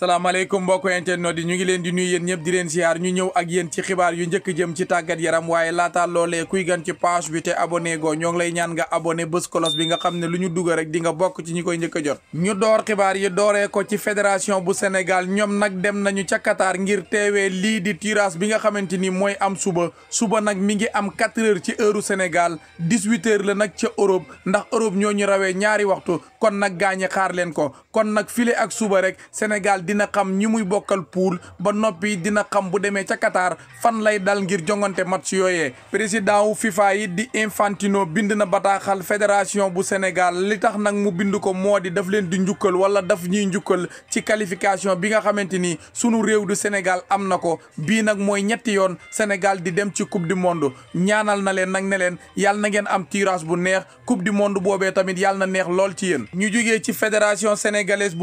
salaamaaleykum mbokk internet di ñu ngi leen di nuy yéen ñëpp di leen siyaar ñu ñëw ak yéen ci xibaar yu njëkk jëm ci tàggat yaram waaye laata loolee kuy gan ci page bi te abonné go ñoo ngi lay ñaan nga abonné bés kolos bi nga xam ne lu ñu dugal rek di nga bokk ci ñu koy jëkk jot ñu door xibaar yi dooree ko ci fédération bu Sénégal ñoom nag dem nañu ca Qatar ngir teewee lii di tirage bi nga xamante ni mooy am suba suba nag mi ngi am 4 heures ci heure Sénégal 18 heures la nag ca Europe ndax Europe ñoo ñu rawee ñaari waxtu kon nag gaañi xaar leen ko kon nag file ak suba rek Sénégal dina xam ñi muy bokkal pool ba noppi dina xam bu demee ca Qatar fan lay dal ngir jongante match yooyee président wu FIFA yi di Infantino bind na bataaxal fédération bu Sénégal li tax nag mu bind ko moo di daf leen di njukkal wala daf ñuy njukkal ci qualification bi nga xamante ni sunu réew du Sénégal am na ko bii nag mooy ñetti yoon Sénégal di dem ci coupe du monde ñaanal na leen nag ne leen yàlla na ngeen am tirage bu neex coupe du monde boobee tamit yàlla na neex lool ci yéen ñu jugee ci fédération sénégalaise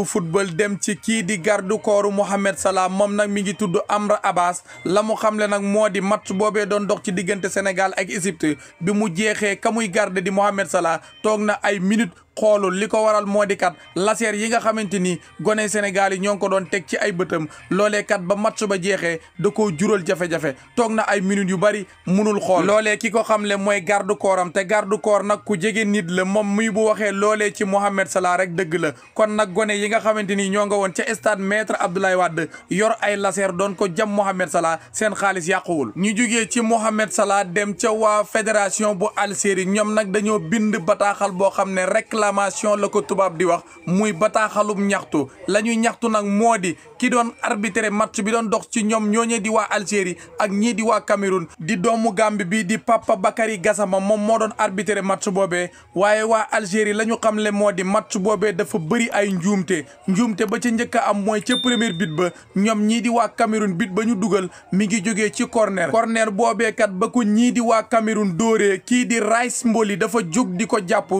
gardu kooru Mohamed Salah moom nag mi ngi tudd Amra Abbas la mu xamle nag moo di match boobee doon dox ci diggante Sénégal ak Égypte bi mu jeexee ka muy garde di Mohamed Salah toog na ay minutes xoolul li ko waral moo di kat yi nga xamante ni gone Sénégal yi ñoo ngi ko doon teg ci ay bëtam loolee ba match ba jeexee da koo jural jafe toog na ay minutes yu bari munul xool loolee ki ko xamle mooy garde corps te garde corps nag ku jege nit la moom muy bu waxee loole ci Mohamed Salah rek dëgg la kon nag gone yi nga xamante ni ñoo nga woon ca stade maître Abdoulaye wadd yor ay laseer doon ko jam Mohamed Salah seen xaalis yàquwul ñu jugee ci Mohamed Salah dem ca waa fédération bu Algérie ñoom nag dañoo bind bataaxal boo xam ne réclame réclamation la ko tubaab di wax muy bataaxalum ñaxtu la ñuy ñaxtu nag moo di ki doon arbitré match bi doon dox ci ñoom ñooñee di waa Algérie ak ñii di waa Cameroun di doomu Gambie bi di Papa Bakary Gassama moom moo doon arbitré match boobee waaye waa Algérie la ñu xamle moo di match boobee dafa bëri ay njuumte njuumte ba ci njëkk am mooy ca premier bit ba ñoom ñii di waa Cameroun bit ba ñu dugal mi ngi jógee ci corner corner boobee kat ba ko ñii di waa Cameroun dóoree kii di Rice Mboli dafa jóg di ko jàpp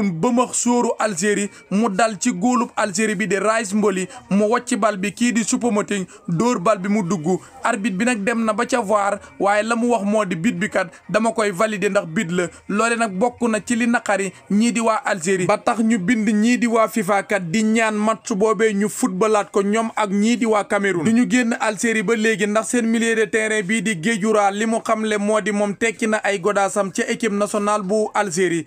Cameroun bëmax sóoru Algérie mu dal ci góolub Algérie bi di Rice Mboli mu wocci bal bi kii di choupo dóor bal bi mu dugg arbitre bi nag dem na ba ca VAR waaye la mu wax moo di bit bi kat dama koy valider ndax bit la loole nag bokk na ci li naqari ñii di waa Algérie ba tax ñu bind ñii di waa FIFA kat di ñaan match boobee ñu footballaat ko ñoom ak ñii di waa Cameroun du ñu génn Algérie ba léegi ndax seen milieu de terrain bii di Guédioura li mu xamle moo di moom tekki na ay godaasam ca équipe nationale bu Algérie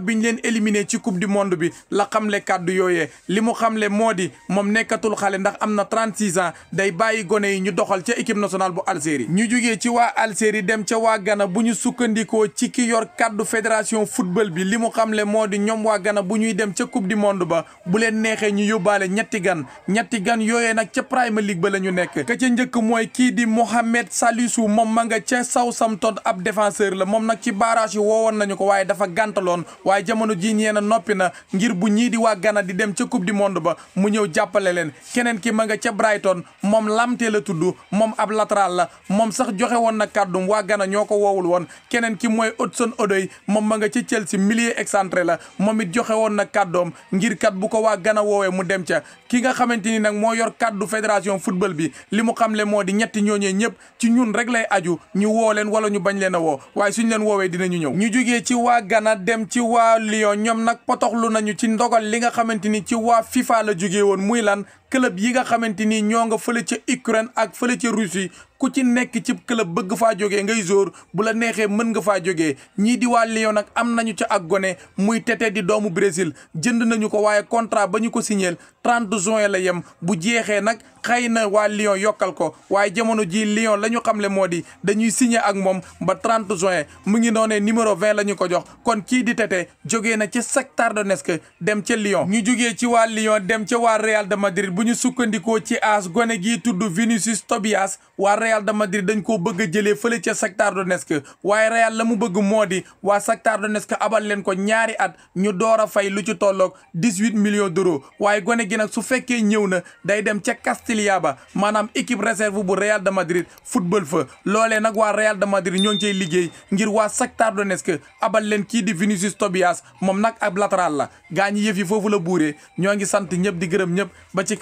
ginnaaw biñ leen éliminé ci coupe du monde bi la xamle kàddu yooyee li mu xamle moo di moom nekkatul xale ndax am na 36 ans day bàyyi gone yi ñu doxal ca équipe national bu Algérie ñu jugee ci waa Algérie dem ca waa gana bu ñu sukkandikoo ci ki yor kàddu fédération football bi li mu xamle moo di ñoom waa Ghana bu ñuy dem ca coupe du monde ba bu leen neexee ñu yóbbaale ñetti gan ñetti gan yooyee nag ca Premier League ba la ñu nekk ka ca njëkk mooy kii di Mohamed Salisu moom ma nga ca Southampton ab défenseur la moom nag ci barrage yi woowoon nañu ko waaye dafa gàntaloon waaye jamono ji ñee na noppi na ngir bu ñii di waa Ghana di dem ca coupe di monde ba mu ñëw jàppale leen keneen ki ma nga ca Brighton moom lamtee la tudd moom ab latéral la moom sax joxe woon na kàddum waa Ghana ñoo ko woowul woon keneen ki mooy Hudson Odoi moom ma nga ca Chelsea milieu excentré la moom it joxe woon na kàddoom ngir kat bu ko waa gana woowee mu dem ca ki nga xamante ni nag moo yor kàddu fédération football bi li mu xam xamle moo di ñetti ñooñee ñëpp ci ñun rek lay aju ñu woo leen wala ñu bañ leen a woo waaye suñ leen woowee dinañu ñëw ñu jugee ci waa Ghana dem ci waa Lyon ñoom nag potoxlu nañu ci ndogal li nga xamante ni ci waa FIFA la jóge woon muy lan club yi nga xamante ni ñoo nga fële ca Ukraine ak fële ca Russie ku ci nekk ci club bëgg faa jógee ngay jour bu la neexee mën nga faa jógee ñii di waa Lyon nag am nañu ca ak gone muy Tété di doomu Brésil jënd nañu ko waaye contrat ba ñu ko signéel 30 juin la yem bu jeexee nag xëy na waa Lyon yokkal ko waaye jamono ji Lyon la ñu xamle moo di dañuy signé ak moom ba 30 juin mu ngi noonee numéro 20 la ñu ko jox kon kii di Tété jógee na ci Shakhtar Donetsk dem ca Lyon ñu jógee ci waa Lyon dem ca waa Real de Madrid bu ñu sukkandikoo ci AS gone gi tudd Vinicius Tobias waa Real de Madrid dañ koo bëgg a jëlee fële ca Shakhtar Donetsk waaye Real la mu bëgg moo di waa Shakhtar Donetsk abal leen ko ñaari at ñu door fay lu ci tolloog dix-huit millions d'euros waaye gone gi nag su fekkee ñëw na day dem ca Castilla ba maanaam équipe reserve bu Real de Madrid football fa loolee nag waa Real de Madrid ñoo ngi cay liggéey ngir waa Shakhtar Donetsk abal leen kii di Vinicius Tobias moom nag ab latéral la gaa ñi yëf la buuree ñoo ngi sant ñëpp di gërëm ñëpp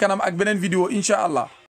kanam ak beneen vidéo incha allah